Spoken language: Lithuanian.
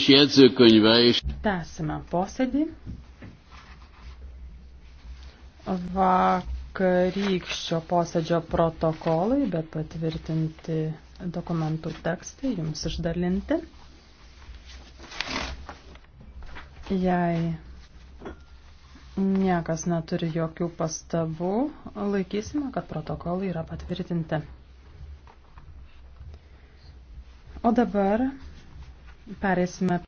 Tęsime posėdį. Vakarykščio posėdžio protokolai, bet patvirtinti dokumentų tekstai jums išdalinti. Jei niekas neturi jokių pastabų, laikysime, kad protokolai yra patvirtinti. O dabar Perėsime